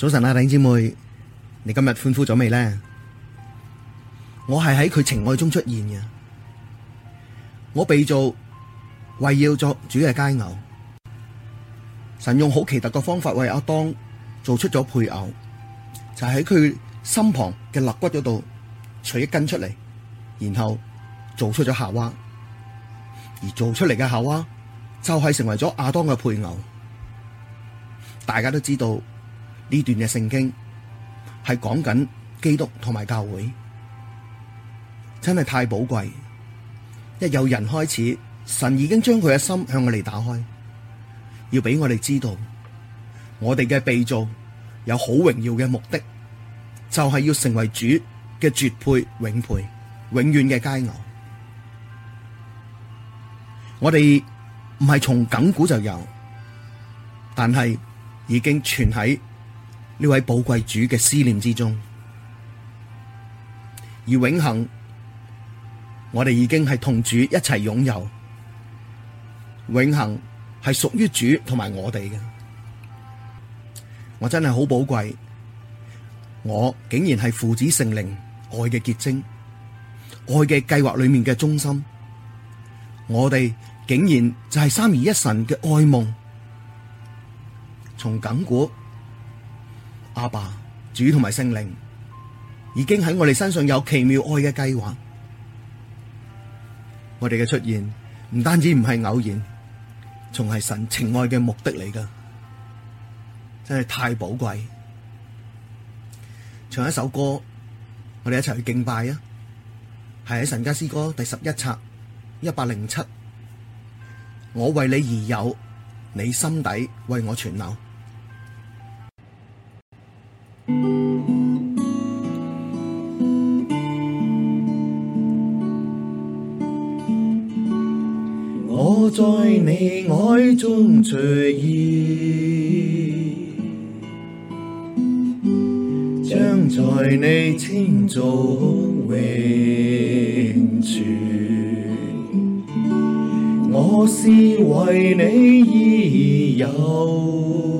早晨啊，弟兄姊妹，你今日歡呼咗未呢？我係喺佢情愛中出現嘅，我被做為要作主嘅佳偶。神用好奇特嘅方法為亞當做出咗配偶，就喺佢身旁嘅肋骨嗰度取一根出嚟，然後做出咗夏娃，而做出嚟嘅夏娃就係成為咗亞當嘅配偶。大家都知道。呢段嘅聖經係講緊基督同埋教會，真係太寶貴。一有人開始，神已經將佢嘅心向我哋打開，要俾我哋知道，我哋嘅被造有好榮耀嘅目的，就係、是、要成為主嘅絕配、永配、永遠嘅佳偶。我哋唔係從亙古就有，但係已經存喺。呢位寶貴主嘅思念之中，而永恆，我哋已經係同主一齊擁有。永恆係屬於主同埋我哋嘅，我真係好寶貴。我竟然係父子聖靈愛嘅結晶，愛嘅計劃裏面嘅中心，我哋竟然就係三而一神嘅愛夢，從亙古。阿爸，主同埋聖靈已經喺我哋身上有奇妙愛嘅計劃，我哋嘅出現唔單止唔係偶然，仲係神情愛嘅目的嚟㗎，真係太寶貴。唱一首歌，我哋一齊去敬拜啊！係喺神家詩歌第十一冊一百零七，我為你而有，你心底為我存留。我在你愛中出現，將在你情中永存。我是為你而有。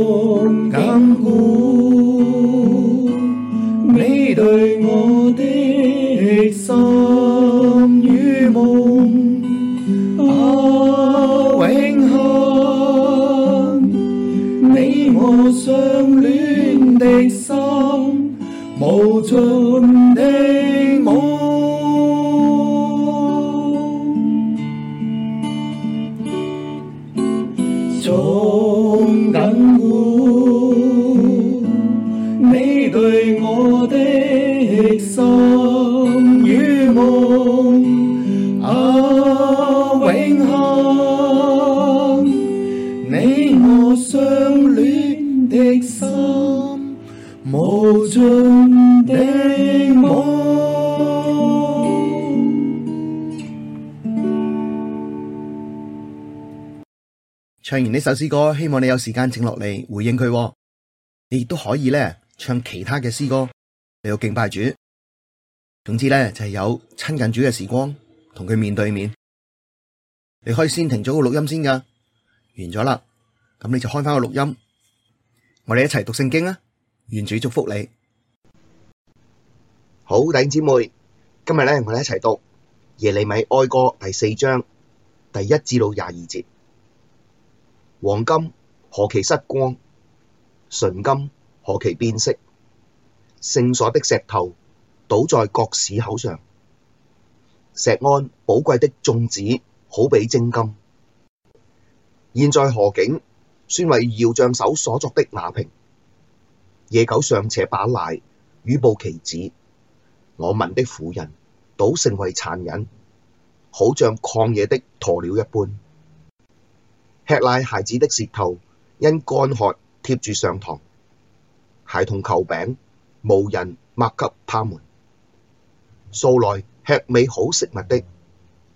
我相戀的心，無盡的夢。唱完呢首詩歌，希望你有時間靜落嚟回應佢。你亦都可以咧唱其他嘅詩歌嚟到敬拜主。總之咧就係、是、有親近主嘅時光，同佢面對面。你可以先停咗個錄音先噶，完咗啦。咁你就開返個錄音，我哋一齊讀聖經啊！願主祝福你，好頂姊妹。今日咧，我哋一齊讀耶利米哀歌第四章第一至到廿二節。黃金何其失光，純金何其變色，聖所的石頭倒在各市口上，錫安寶貴的眾子好比精金，現在何竟。算為窰匠手所作的瓦瓶，野狗尚且把奶乳哺其子，我民的婦人倒成為殘忍，好像曠野的鴕鳥一般。吃奶孩子的舌頭，因乾渴貼住上膛，孩童求餅，無人擘給他們，素來吃美好食物的，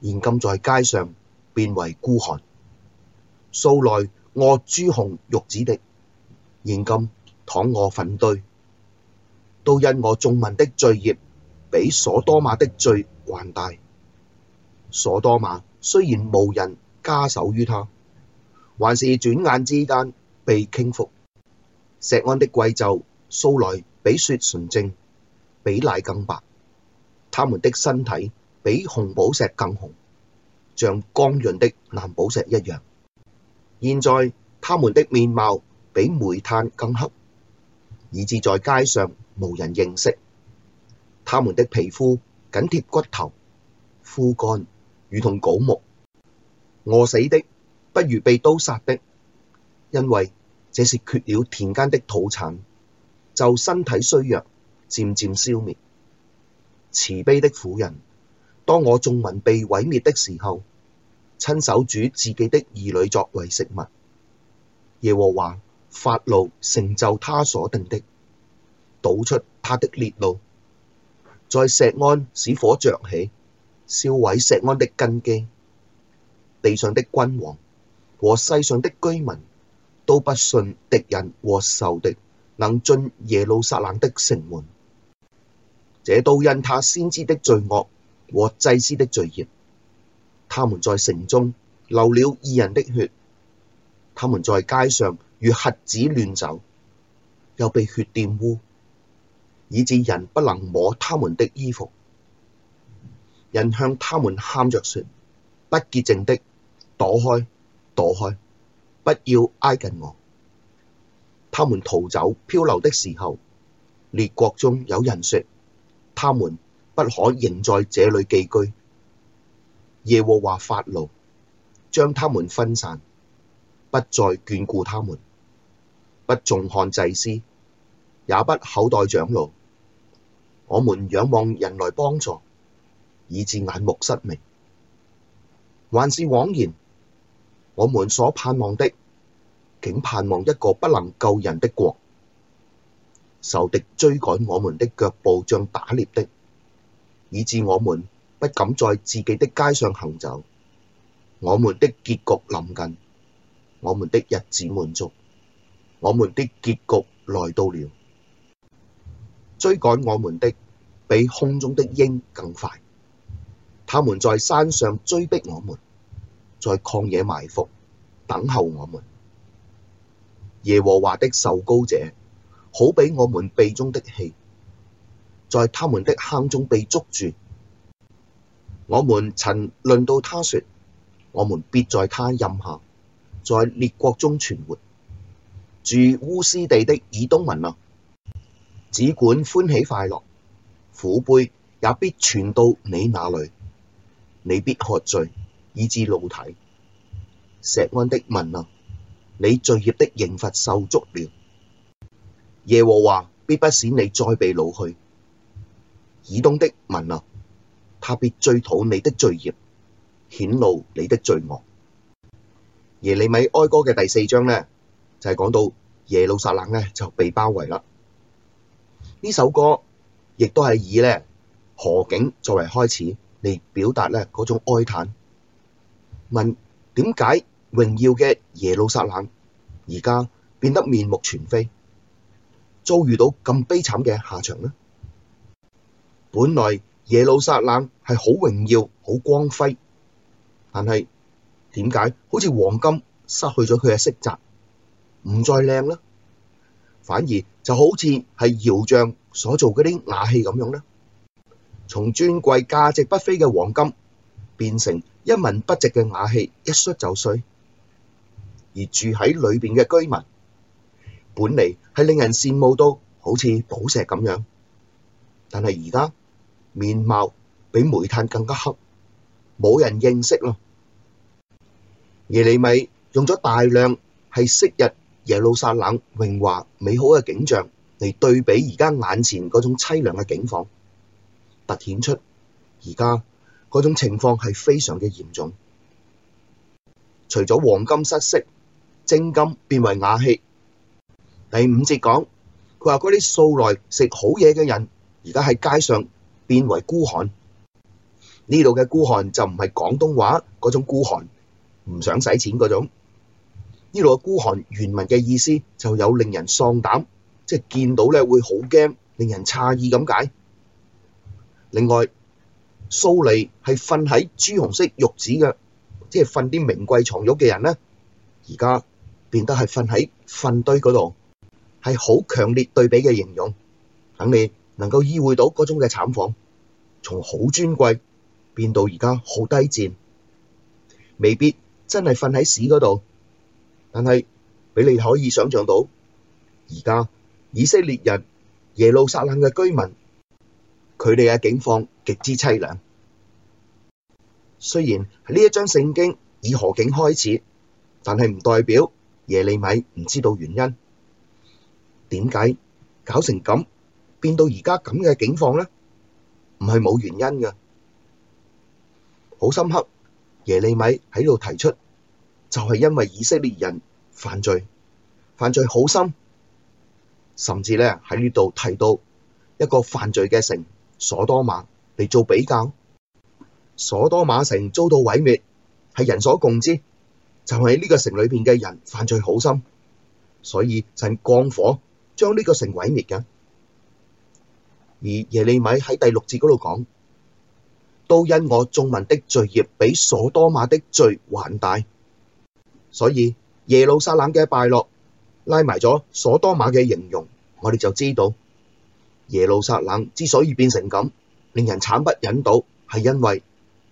現今在街上變為孤寒，素來。我臥朱紅褥子的現今躺臥糞堆，都因我眾民的罪孽比所多瑪的罪還大。所多瑪雖然無人加手於他，還是轉眼之間被傾覆。錫安的貴冑，素來比雪純正，比奶更白，他們的身體比紅寶石更紅，像光潤的藍寶石一樣。現在他們的面貌比煤炭更黑，以致在街上無人認識。他們的皮膚緊貼骨頭，枯乾如同槁木。餓死的不如被刀殺的，因為這是缺了田間的土產，就身體衰弱，漸漸消滅。慈悲的婦人，當我眾民被毀滅的時候。親手煮自己的兒女作為食物。耶和華發怒成就他所定的，倒出他的烈怒，在錫安使火着起，燒毀錫安的根基。地上的君王和世上的居民都不信敵人和仇敵能進耶路撒冷的城門，這都因他先知的罪惡和祭司的罪孽。他們在城中流了義人的血，他們在街上如瞎子亂走，又被血玷污，以致人不能摸他們的衣服。人向他們喊着說：不潔淨的，躲開，躲開，不要挨近我。他們逃走飄流的時候，列國中有人說：他們不可仍在這裏寄居。耶和華發怒，將他們分散，不再眷顧他們，不重看祭司，也不厚待長老。我們仰望人來幫助，以致眼目失明；還是枉然。我們所盼望的，竟盼望一個不能救人的國。仇敵追趕我們的腳步像打獵的，以致我們，不敢在自己的街上行走，我們的結局臨近，我們的日子滿足，我們的結局來到了。追趕我們的比空中的鷹更快，他們在山上追逼我們，在曠野埋伏，等候我們。耶和華的受膏者好比我們鼻中的氣，在他們的坑中被捉住。我們曾論到他説：我們必在他蔭下，在列國中存活。住烏斯地的以東民哪，只管歡喜快樂，苦杯也必傳到你那裡。你必喝醉，以致露體。錫安的民哪，你罪孽的刑罰受足了。耶和華必不使你再被擄去。以東的民哪！特別追討你的罪孽，顯露你的罪惡。耶利米哀歌嘅第四章呢，就係、是、講到耶路撒冷咧就被包圍啦。呢首歌亦都係以咧何景作為開始嚟，表達咧嗰種哀嘆，問點解榮耀嘅耶路撒冷而家變得面目全非，遭遇到咁悲慘嘅下場呢？本來。耶路撒冷係好榮耀、好光輝，但係點解好似黃金失去咗佢嘅色澤，唔再靚啦？反而就好似係窰匠所做嗰啲瓦器咁樣呢。從尊貴價值不菲嘅黃金變成一文不值嘅瓦器，一摔就碎。而住喺裏邊嘅居民，本嚟係令人羨慕到好似寶石咁樣，但係而家。面貌比煤炭更加黑，冇人認識啦。耶利米用咗大量係昔日耶路撒冷榮華美好嘅景象嚟對比而家眼前嗰種淒涼嘅境況，凸顯出而家嗰種情況係非常嘅嚴重。除咗黃金失色，精金變為瓦器。第五節講，佢話嗰啲素來食好嘢嘅人，而家喺街上。變為孤寒，呢度嘅孤寒就唔係廣東話嗰種孤寒，唔想使錢嗰種。呢度嘅孤寒原文嘅意思就有令人喪膽，即係見到咧會好驚，令人詫異咁解。另外，素來係瞓喺朱紅色褥子嘅，即係瞓啲名貴床褥嘅人咧，而家變得係瞓喺糞堆嗰度，係好強烈對比嘅形容，肯定。能夠意會到嗰種嘅慘況，從好尊貴變到而家好低賤，未必真係瞓喺屎嗰度，但係俾你可以想象到，而家以色列人耶路撒冷嘅居民，佢哋嘅境況極之淒涼。雖然呢一章聖經以何境開始，但係唔代表耶利米唔知道原因，點解搞成咁？變到而家咁嘅境況咧，唔係冇原因嘅，好深刻。耶利米喺度提出，就係因為以色列人犯罪，犯罪好深，甚至咧喺呢度提到一個犯罪嘅城，所多瑪嚟做比較。所多瑪城遭到毀滅，係人所共知，就係呢個城裏邊嘅人犯罪好深，所以神降火，將呢個城毀滅嘅。而耶利米喺第六節嗰度講，都因我眾民的罪孽比所多瑪的罪還大，所以耶路撒冷嘅敗落拉埋咗所多瑪嘅形容，我哋就知道耶路撒冷之所以變成咁，令人慘不忍睹，係因為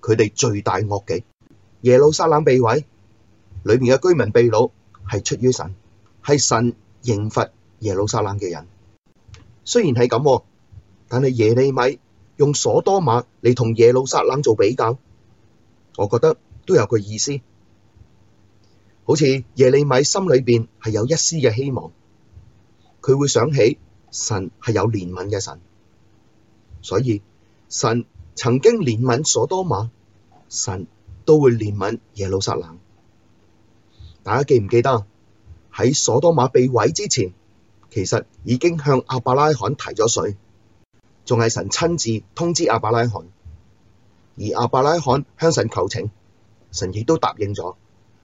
佢哋罪大惡極。耶路撒冷被毀，裏面嘅居民被擄，係出於神，係神刑罰耶路撒冷嘅人。雖然係咁，啊。但係耶利米用所多瑪嚟同耶路撒冷做比較，我覺得都有個意思。好似耶利米心裏面係有一絲嘅希望，佢會想起神係有憐憫嘅神，所以神曾經憐憫所多瑪，神都會憐憫耶路撒冷。大家記唔記得喺所多瑪被毀之前，其實已經向亞伯拉罕提咗水？仲係神親自通知亞伯拉罕，而亞伯拉罕向神求情，神亦都答應咗。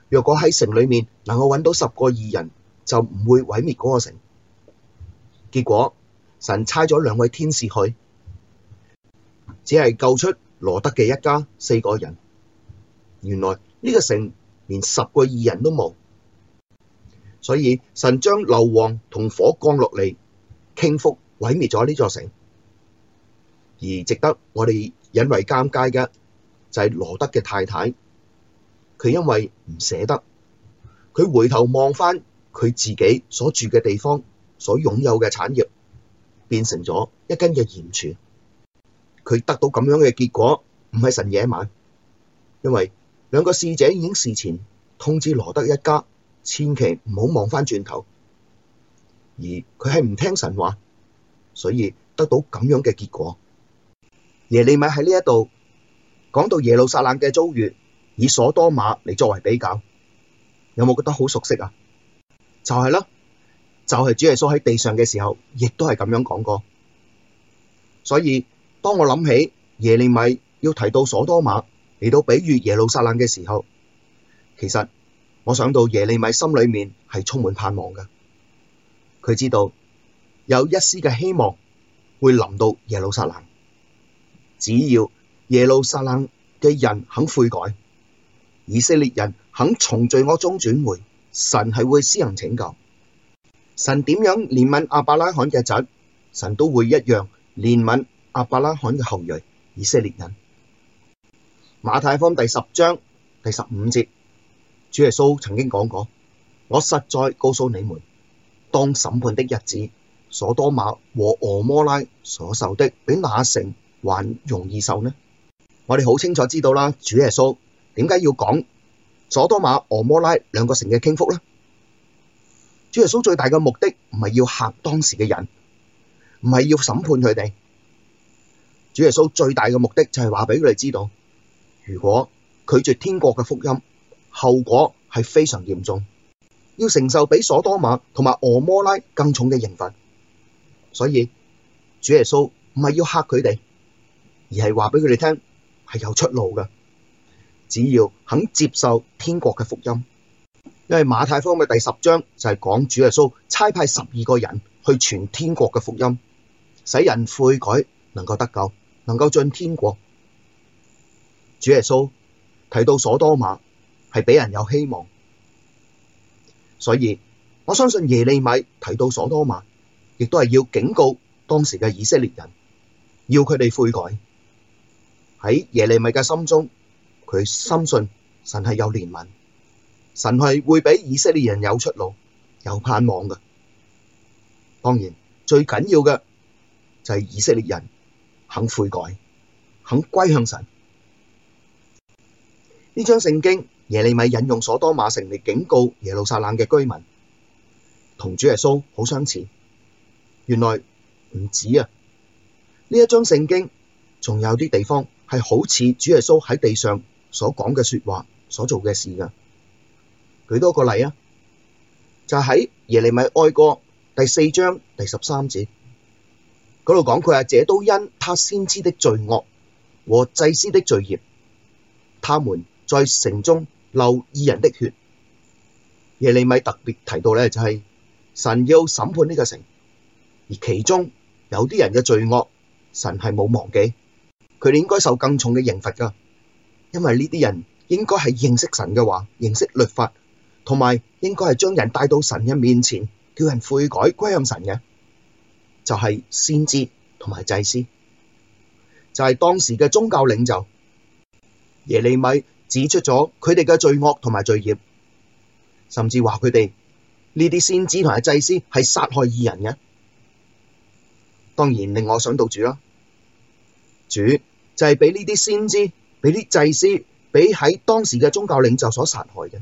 若果喺城裏面能夠揾到十個義人，就唔會毀滅嗰個城。結果神差咗兩位天使去，只係救出羅得嘅一家四個人。原來呢個城連十個義人都冇，所以神將硫磺同火降落嚟傾覆，毀滅咗呢座城。而值得我哋引為尷尬嘅就係、是、羅德嘅太太，佢因為唔捨得，佢回頭望返佢自己所住嘅地方、所擁有嘅產業，變成咗一根嘅鹽柱。佢得到咁樣嘅結果，唔係神野蠻，因為兩個侍者已經事前通知羅德一家，千祈唔好望返轉頭，而佢係唔聽神話，所以得到咁樣嘅結果。耶利米喺呢一度講到耶路撒冷嘅遭遇，以所多瑪嚟作為比較，有冇覺得好熟悉啊？就係啦，就係主耶穌喺地上嘅時候，亦都係咁樣講過。所以當我諗起耶利米要提到所多瑪嚟到比喻耶路撒冷嘅時候，其實我想到耶利米心裏面係充滿盼望嘅，佢知道有一絲嘅希望會臨到耶路撒冷。只要耶路撒冷嘅人肯悔改，以色列人肯從罪惡中轉回，神係會施行拯救。神點樣憐憫亞伯拉罕嘅侄，神都會一樣憐憫亞伯拉罕嘅後裔以色列人。馬太福音第十章第十五節，主耶穌曾經講過：我實在告訴你們，當審判的日子，所多瑪和俄摩拉所受的，比那城還容易受呢？我哋好清楚知道啦。主耶穌點解要講所多瑪、俄摩拉兩個城嘅傾覆呢？主耶穌最大嘅目的唔係要嚇當時嘅人，唔係要審判佢哋。主耶穌最大嘅目的就係話俾佢哋知道，如果拒絕天國嘅福音，後果係非常嚴重，要承受比所多瑪同埋俄摩拉更重嘅刑罰。所以主耶穌唔係要嚇佢哋。而係話俾佢哋聽係有出路噶只要肯接受天國嘅福音。因為馬太福音嘅第十章就係講主耶穌差派十二個人去傳天國嘅福音，使人悔改，能夠得救，能夠進天國。主耶穌提到所多瑪係俾人有希望，所以我相信耶利米提到所多瑪，亦都係要警告當時嘅以色列人，要佢哋悔改。喺耶利米嘅心中，佢深信神係有憐憫，神係會俾以色列人有出路，有盼望嘅。當然最緊要嘅就係以色列人肯悔改，肯歸向神。呢張聖經耶利米引用所多瑪城，嚟警告耶路撒冷嘅居民，同主耶穌好相似。原來唔止啊，呢一張聖經仲有啲地方，係好似主耶穌喺地上所講嘅說話，所做嘅事噶舉多個例啊，就喺、是、耶利米哀歌第四章第十三節嗰度講，佢話：這都因他先知的罪惡和祭司的罪孽，他們在城中流義人的血。耶利米特別提到咧、就是，就係神要審判呢個城，而其中有啲人嘅罪惡，神係冇忘記。佢哋應該受更重嘅刑罰噶，因為呢啲人應該係認識神嘅話，認識律法，同埋應該係將人帶到神嘅面前，叫人悔改歸向神嘅，就係先知同埋祭司，就係當時嘅宗教領袖。耶利米指出咗佢哋嘅罪惡同埋罪孽，甚至話佢哋呢啲先知同埋祭司係殺害義人嘅。當然令我想到主啦，主。就係畀呢啲先知、畀啲祭司、畀喺當時嘅宗教領袖所殺害嘅。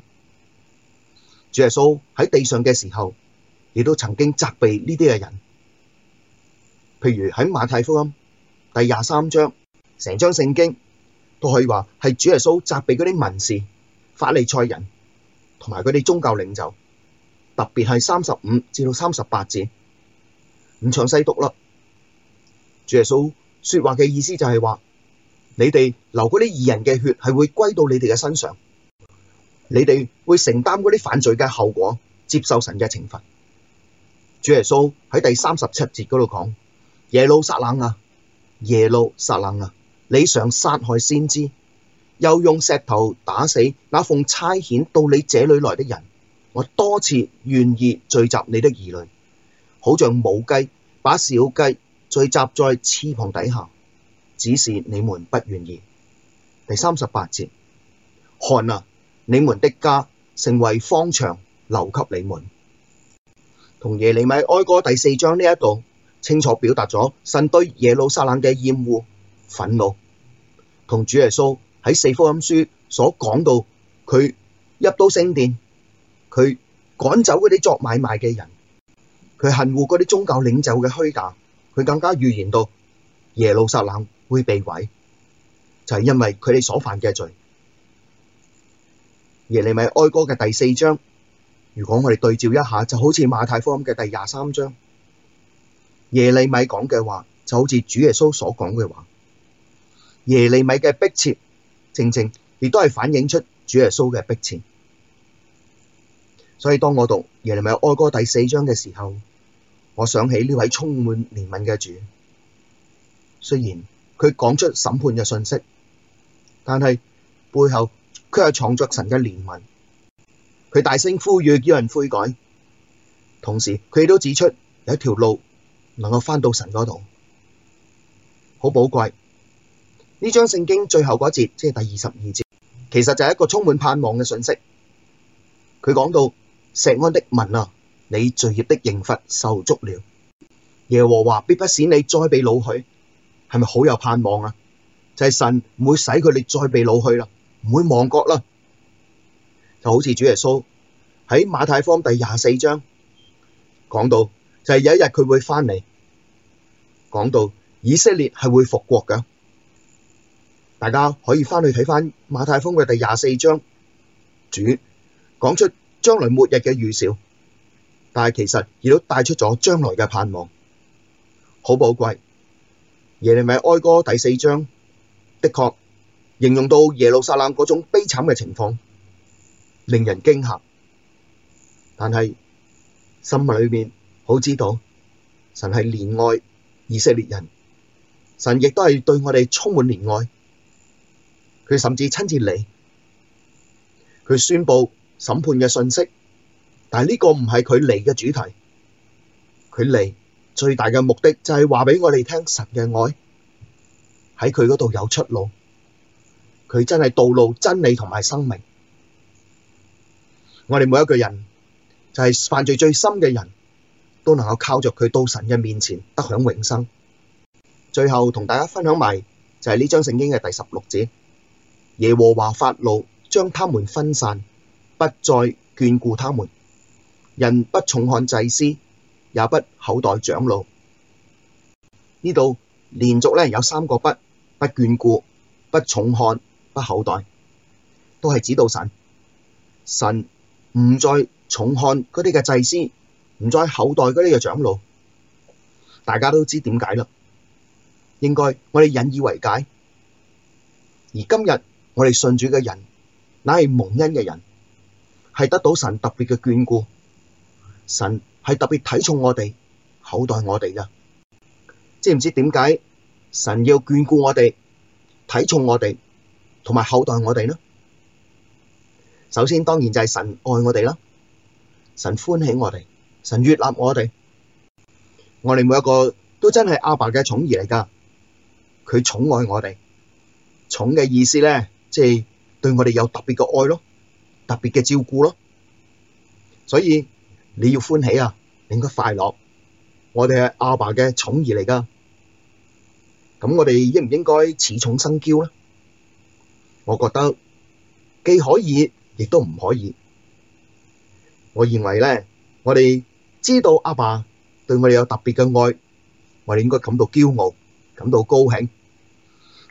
主耶穌喺地上嘅時候，亦都曾經責備呢啲嘅人，譬如喺馬太福音第廿三章，成章聖經都可以話係主耶穌責備嗰啲文士、法利賽人同埋佢哋宗教領袖，特別係三十五至到三十八節，唔詳細讀啦。主耶穌說話嘅意思就係話。你哋流嗰啲義人嘅血係會歸到你哋嘅身上，你哋會承擔嗰啲犯罪嘅後果，接受神嘅懲罰。主耶穌喺第三十七節嗰度講：耶路撒冷啊，耶路撒冷啊，你常殺害先知，又用石頭打死那奉差遣到你這裏來嘅人。我多次願意聚集你啲兒女，好像母雞把小雞聚集在翅膀底下。只是你們不願意。第三十八節，看啊，你們的家成為荒場，留給你們。同耶利米哀歌第四章呢一度清楚表達咗神對耶路撒冷嘅厭惡、憤怒，同主耶穌喺四福音書所講到佢入到聖殿，佢趕走嗰啲作買賣嘅人，佢恨惡嗰啲宗教領袖嘅虛假，佢更加預言到耶路撒冷會被毀，就係、是、因為佢哋所犯嘅罪。耶利米哀歌嘅第四章，如果我哋對照一下，就好似馬太福音嘅第廿三章。耶利米講嘅話，就好似主耶穌所講嘅話。耶利米嘅迫切，正正亦都係反映出主耶穌嘅迫切。所以當我讀耶利米哀歌第四章嘅時候，我想起呢位充滿憐憫嘅主，雖然。佢講出審判嘅信息，但係背後佢係藏着神嘅憐憫。佢大聲呼籲叫人悔改，同時佢亦都指出有一條路能夠返到神嗰度，好寶貴。呢張聖經最後嗰節，即係第二十二節，其實就係一個充滿盼望嘅信息。佢講到錫安的民啊，你罪孽的刑罰受足了，耶和華必不使你再被擄去。係咪好有盼望啊？就係神唔會使佢哋再被老去啦，唔會亡國啦，就好似主耶穌喺馬太福音第廿四章講到，就係有一日佢會翻嚟，講到以色列係會復國嘅，大家可以翻去睇翻馬太福音嘅第廿四章，主講出將來末日嘅預兆，但係其實亦都帶出咗將來嘅盼望，好寶貴。耶利米哀歌第四章的確形容到耶路撒冷嗰種悲慘嘅情況，令人驚嚇。但係心裏面好知道，神係憐愛以色列人，神亦都係對我哋充滿憐愛。佢甚至親自嚟，佢宣布審判嘅信息。但係呢個唔係佢嚟嘅主題，佢嚟。最大嘅目的就係話俾我哋聽神嘅愛喺佢嗰度有出路，佢真係道路、真理同埋生命。我哋每一個人就係犯罪最深嘅人，都能夠靠著佢到神嘅面前得享永生。最後同大家分享埋就係呢章聖經嘅第十六節：耶和華發怒，將他們分散，不再眷顧他們。人不重看祭司，也不厚待長老。呢度連續咧有三個不，不眷顧、不重看、不厚待，都係指導神，神唔再重看嗰啲嘅祭司，唔再厚待嗰啲嘅長老，大家都知點解啦。應該我哋引以為戒，而今日我哋信主嘅人乃係蒙恩嘅人，係得到神特別嘅眷顧，神。係特別睇重我哋，厚待我哋噶，知唔知點解神要眷顧我哋，睇重我哋，同埋厚待我哋呢？首先當然就係神愛我哋啦，神歡喜我哋，神悅納我哋，我哋每一個都真係阿爸嘅寵兒嚟噶，佢寵愛我哋，寵嘅意思咧，即係對我哋有特別嘅愛咯，特別嘅照顧咯，所以。你要歡喜啊！你應該快樂。我哋係阿爸嘅寵兒嚟噶，咁我哋應唔應該恃寵生驕咧？我覺得既可以，亦都唔可以。我認為咧，我哋知道阿爸對我哋有特別嘅愛，我哋應該感到驕傲，感到高興。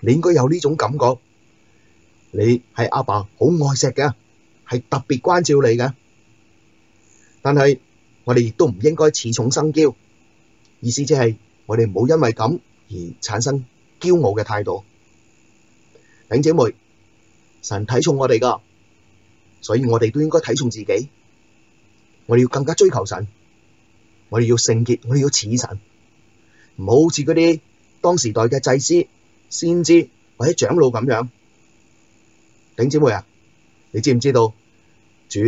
你應該有呢種感覺。你係阿爸好愛錫嘅，係特別關照你嘅。但係我哋亦都唔應該恃寵生驕，意思即係我哋唔好因為咁而產生驕傲嘅態度。頂姐妹，神睇重我哋噶，所以我哋都應該睇重自己。我哋要更加追求神，我哋要聖潔，我哋要似神，唔好似嗰啲當時代嘅祭司、先知或者長老咁樣。頂姐妹啊，你知唔知道主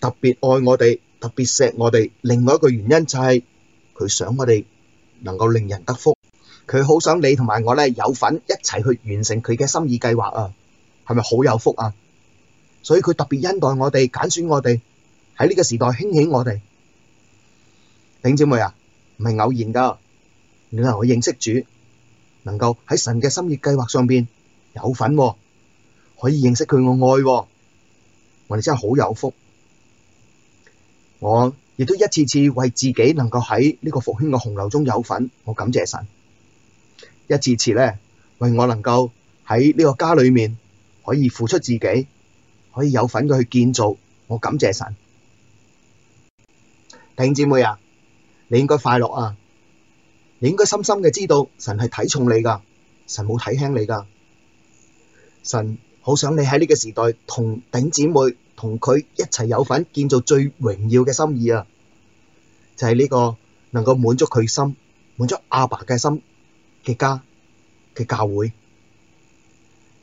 特別愛我哋？特別錫我哋，另外一個原因就係佢想我哋能夠令人得福，佢好想你同埋我咧有份一齊去完成佢嘅心意計劃啊，係咪好有福啊？所以佢特別恩待我哋揀選我哋喺呢個時代興起我哋。丁姐妹啊，唔係偶然噶，你能夠認識主，能夠喺神嘅心意計劃上邊有份啊，可以認識佢嘅愛啊，我哋真係好有福。我亦都一次次為自己能夠喺呢個復興嘅洪流中有份，我感謝神。一次次咧，為我能夠喺呢個家裏面可以付出自己，可以有份嘅去建造，我感謝神。頂姊妹啊，你應該快樂啊，你應該深深嘅知道神係睇重你噶，神冇睇輕你噶，神好想你喺呢個時代同頂姊妹。同佢一齊有份建造最榮耀嘅心意啊！就係呢個能夠滿足佢心、滿足阿爸嘅心嘅家嘅教會。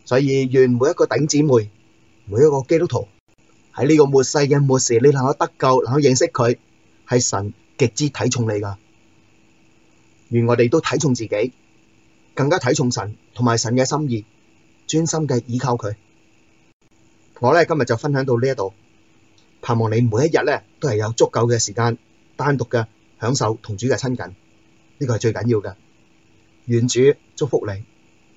所以願每一個頂姊妹、每一個基督徒喺呢個末世嘅末時，你能夠得救、能夠認識佢，係神極之睇重你噶。願我哋都睇重自己，更加睇重神同埋神嘅心意，專心嘅倚靠佢。我呢今日就分享到呢一度，盼望你每一日呢都係有足夠嘅時間單獨嘅享受同主嘅親近，呢個係最緊要嘅。願主祝福你。